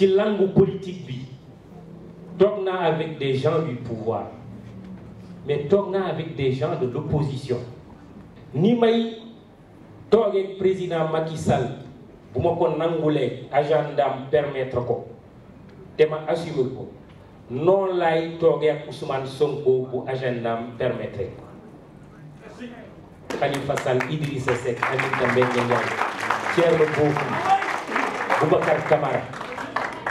Si langue politique bi avec des gens du pouvoir mais tourna avec des gens de l'opposition ni may toogee président Macky Sall moi ma ko nangulee agendaam permettre ko té ma assurer ko non lay togué ak Ousmane Sonko bu agendaam permettre Khalifa Sall Idrissa Seck Aminata Mbengue Ndiaye Thierno Bocoum Boubacar Camara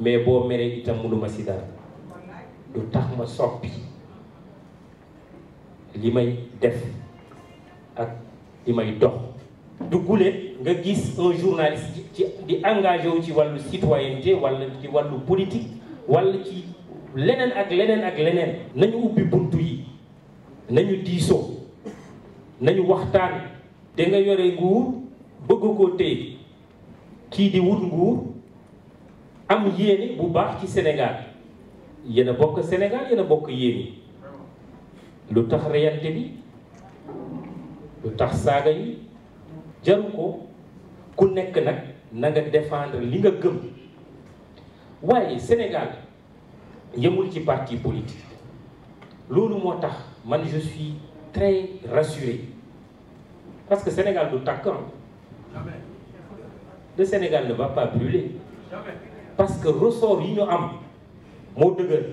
mais boo meree itam mënuma si dara du tax ma soppi li may def ak li may dox du gule nga gis un journaliste ci di engagé wu ci wàllu citoyenneté wala ci wàllu politik walla ci leneen ak leneen ak leneen nañu ubbi buntu yi nañu diisoo nañu waxtaan da nga yore nguur bëgg koo téye kii di wut nguur am yéene bu baax ci Sénégal yéen a bokk Sénégal yéen a bokk yéene lu tax reyante bi lu tax saaga yi jaru ko ku nekk nag na nga défendre li nga gëm waaye Sénégal yëmul ci parti politique loolu moo tax man je suis très rassuré parce que Sénégal du tàkk hein? le Sénégal ne va pas brûler Jamais. parce que ressort yi ñu am moo dëgër